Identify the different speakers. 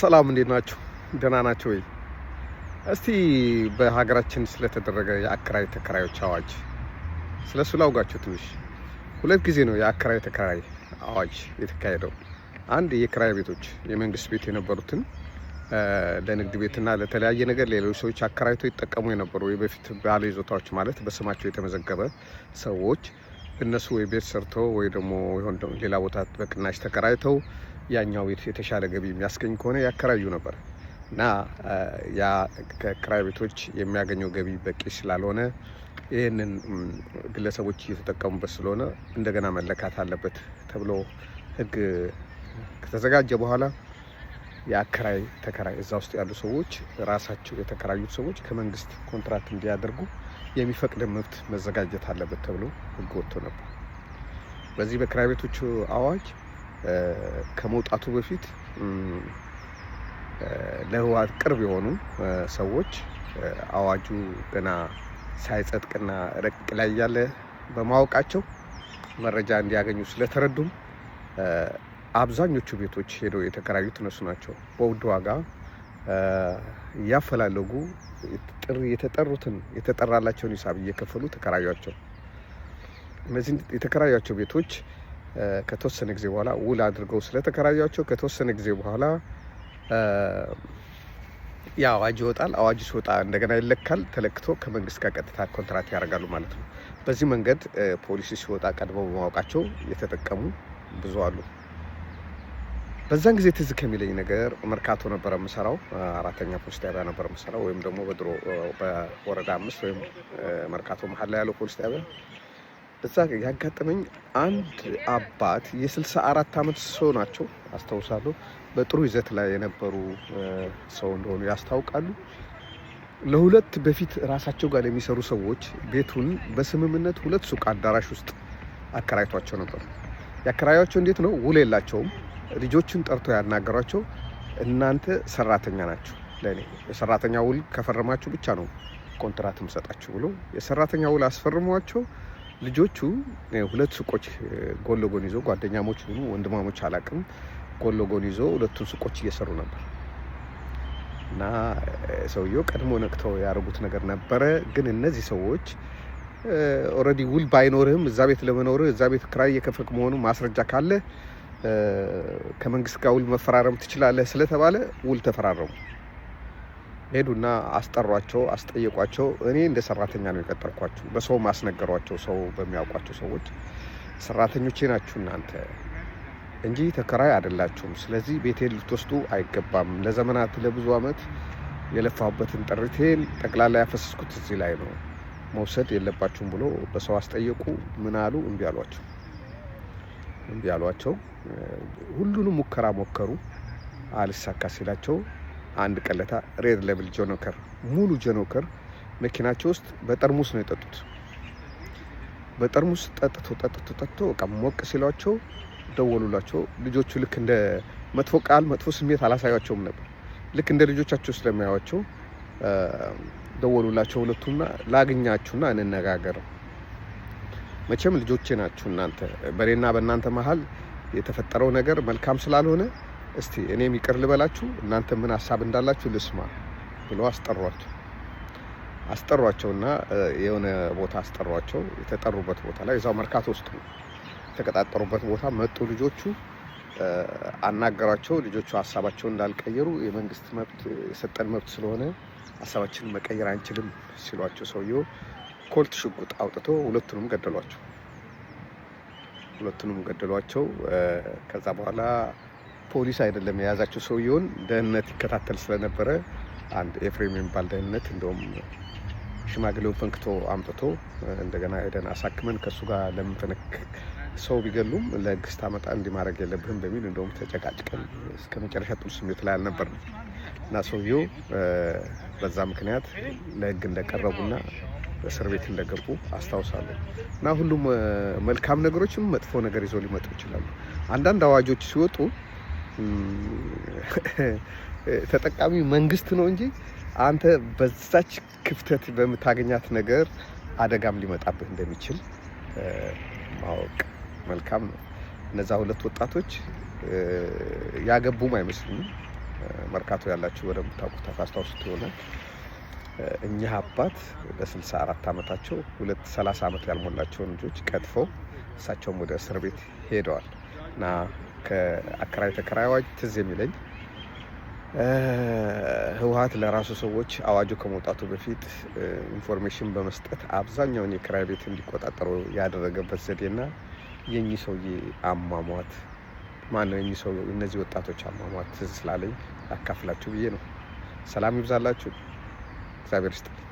Speaker 1: ሰላም እንዴት ናችሁ? ደህና ናችሁ ወይ? እስቲ በሀገራችን ስለተደረገ የአከራይ ተከራዮች አዋጅ ስለ እሱ ላውጋችሁ ትንሽ። ሁለት ጊዜ ነው የአከራይ ተከራይ አዋጅ የተካሄደው። አንድ የክራይ ቤቶች የመንግስት ቤት የነበሩትን ለንግድ ቤትና ለተለያየ ነገር ሌሎች ሰዎች አከራይቶ ይጠቀሙ የነበሩ ወይ በፊት ባለ ይዞታዎች ማለት በስማቸው የተመዘገበ ሰዎች እነሱ ወይ ቤት ሰርተው ወይ ደግሞ ሌላ ቦታ በቅናሽ ተከራይተው ያኛው ቤት የተሻለ ገቢ የሚያስገኝ ከሆነ ያከራዩ ነበር እና ያ ከክራይ ቤቶች የሚያገኘው ገቢ በቂ ስላልሆነ ይህንን ግለሰቦች እየተጠቀሙበት ስለሆነ እንደገና መለካት አለበት ተብሎ ህግ ከተዘጋጀ በኋላ የአከራይ ተከራይ እዛ ውስጥ ያሉ ሰዎች ራሳቸው የተከራዩት ሰዎች ከመንግስት ኮንትራት እንዲያደርጉ የሚፈቅድ መብት መዘጋጀት አለበት ተብሎ ህግ ወጥቶ ነበር። በዚህ በክራይ ቤቶቹ አዋጅ ከመውጣቱ በፊት ለህወሓት ቅርብ የሆኑ ሰዎች አዋጁ ገና ሳይጸድቅና ረቂቅ ላይ ያለ በማወቃቸው መረጃ እንዲያገኙ ስለተረዱም አብዛኞቹ ቤቶች ሄደው የተከራዩት እነሱ ናቸው። በውድ ዋጋ እያፈላለጉ የተጠሩትን የተጠራላቸውን ሂሳብ እየከፈሉ ተከራዩቸው። እነዚህ የተከራዩቸው ቤቶች ከተወሰነ ጊዜ በኋላ ውል አድርገው ስለተከራያቸው ከተወሰነ ጊዜ በኋላ ያ አዋጅ ይወጣል። አዋጅ ሲወጣ እንደገና ይለካል። ተለክቶ ከመንግስት ጋር ቀጥታ ኮንትራት ያደርጋሉ ማለት ነው። በዚህ መንገድ ፖሊሲ ሲወጣ ቀድመው በማወቃቸው የተጠቀሙ ብዙ አሉ። በዛን ጊዜ ትዝ ከሚለኝ ነገር መርካቶ ነበረ የምሰራው፣ አራተኛ ፖሊስ ጣቢያ ነበር የምሰራው፣ ወይም ደግሞ በድሮ በወረዳ አምስት ወይም መርካቶ መሀል ላይ ያለው ፖሊስ ጣቢያ እዛ ያጋጠመኝ አንድ አባት የስልሳ አራት ዓመት ሰው ናቸው አስታውሳለሁ። በጥሩ ይዘት ላይ የነበሩ ሰው እንደሆኑ ያስታውቃሉ። ለሁለት በፊት ራሳቸው ጋር የሚሰሩ ሰዎች ቤቱን በስምምነት ሁለት ሱቅ አዳራሽ ውስጥ አከራይቷቸው ነበር። ያከራያቸው እንዴት ነው? ውል የላቸውም። ልጆችን ጠርቶ ያናገሯቸው እናንተ ሰራተኛ ናቸው ለእኔ የሰራተኛ ውል ከፈረማችሁ ብቻ ነው ኮንትራት ምሰጣችሁ ብሎ የሰራተኛ ውል አስፈርሟቸው ልጆቹ ሁለት ሱቆች ጎን ለጎን ይዞ ጓደኛሞች ሆኑ ወንድማሞች አላቅም፣ ጎን ለጎን ይዞ ሁለቱን ሱቆች እየሰሩ ነበር እና ሰውየው ቀድሞ ነቅተው ያደረጉት ነገር ነበረ። ግን እነዚህ ሰዎች ኦልሬዲ ውል ባይኖርህም እዛ ቤት ለመኖርህ እዛ ቤት ክራይ እየከፈልክ መሆኑ ማስረጃ ካለ ከመንግስት ጋር ውል መፈራረም ትችላለህ ስለተባለ ውል ተፈራረሙ። ሄዱና አስጠሯቸው፣ አስጠየቋቸው። እኔ እንደ ሰራተኛ ነው የቀጠርኳቸው። በሰው ማስነገሯቸው ሰው በሚያውቋቸው ሰዎች ሰራተኞቼ ናችሁ እናንተ እንጂ ተከራይ አይደላችሁም። ስለዚህ ቤቴን ልትወስዱ አይገባም። ለዘመናት ለብዙ ዓመት የለፋሁበትን ጥሪቴን ጠቅላላ ያፈሰስኩት እዚህ ላይ ነው። መውሰድ የለባችሁም ብሎ በሰው አስጠየቁ። ምን አሉ? እምቢ አሏቸው። እምቢ አሏቸው። ሁሉንም ሙከራ ሞከሩ። አልሳካ ሲላቸው አንድ ቀለታ ሬድ ሌብል ጆኖከር ሙሉ ጆኖከር መኪናቸው ውስጥ በጠርሙስ ነው የጠጡት። በጠርሙስ ጠጥቶ ጠጥቶ ጠጥቶ በቃ ሞቅ ሲሏቸው ደወሉላቸው። ልጆቹ ልክ እንደ መጥፎ ቃል መጥፎ ስሜት አላሳያቸውም ነበር። ልክ እንደ ልጆቻቸው ስለሚያዩዋቸው ደወሉላቸው። ሁለቱና ላግኛችሁና እንነጋገር፣ መቼም ልጆቼ ናችሁ እናንተ። በእኔና በእናንተ መሀል የተፈጠረው ነገር መልካም ስላልሆነ እስቲ እኔም ይቅር ልበላችሁ እናንተ ምን ሀሳብ እንዳላችሁ ልስማ ብሎ አስጠሯቸው። አስጠሯቸውና የሆነ ቦታ አስጠሯቸው። የተጠሩበት ቦታ ላይ እዛው መርካቶ ውስጥ ነው የተቀጣጠሩበት ቦታ መጡ። ልጆቹ አናገሯቸው። ልጆቹ ሀሳባቸውን እንዳልቀየሩ የመንግስት መብት የሰጠን መብት ስለሆነ ሀሳባችንን መቀየር አንችልም ሲሏቸው ሰውየው ኮልት ሽጉጥ አውጥቶ ሁለቱንም ገደሏቸው። ሁለቱንም ገደሏቸው። ከዛ በኋላ ፖሊስ አይደለም የያዛቸው ሰውየውን ደህንነት ይከታተል ስለነበረ አንድ ኤፍሬም የሚባል ደህንነት እንደውም ሽማግሌውን ፈንክቶ አምጥቶ እንደገና ሄደን አሳክመን ከእሱ ጋር ለምንፈነክ ሰው ቢገሉም ለህግ ስታመጣ እንዲህ ማድረግ የለብህም በሚል እንደውም ተጨቃጭቀን እስከ መጨረሻ ጥሩ ስሜት ላይ አልነበርም እና ሰውየው በዛ ምክንያት ለህግ እንደቀረቡና እስር ቤት እንደገቡ አስታውሳለሁ። እና ሁሉም መልካም ነገሮችም መጥፎ ነገር ይዘው ሊመጡ ይችላሉ። አንዳንድ አዋጆች ሲወጡ ተጠቃሚ መንግስት ነው እንጂ አንተ በዛች ክፍተት በምታገኛት ነገር አደጋም ሊመጣብህ እንደሚችል ማወቅ መልካም ነው። እነዛ ሁለት ወጣቶች ያገቡም አይመስልም። መርካቶ ያላችሁ በደንብ ታውቁት ታስታውሱት የሆነ እኚህ አባት በ64 ዓመታቸው ሁለት 30 ዓመት ያልሞላቸውን ልጆች ቀጥፈው እሳቸውም ወደ እስር ቤት ሄደዋል እና ከአከራይ ተከራዮች ትዝ የሚለኝ ህወሀት ለራሱ ሰዎች አዋጁ ከመውጣቱ በፊት ኢንፎርሜሽን በመስጠት አብዛኛውን የክራይ ቤት እንዲቆጣጠሩ ያደረገበት ዘዴና የኚህ ሰውዬ አሟሟት ማነው የኚህ ሰው እነዚህ ወጣቶች አሟሟት ትዝ ስላለኝ ያካፍላችሁ ብዬ ነው። ሰላም ይብዛላችሁ። እግዚአብሔር ይስጥልኝ።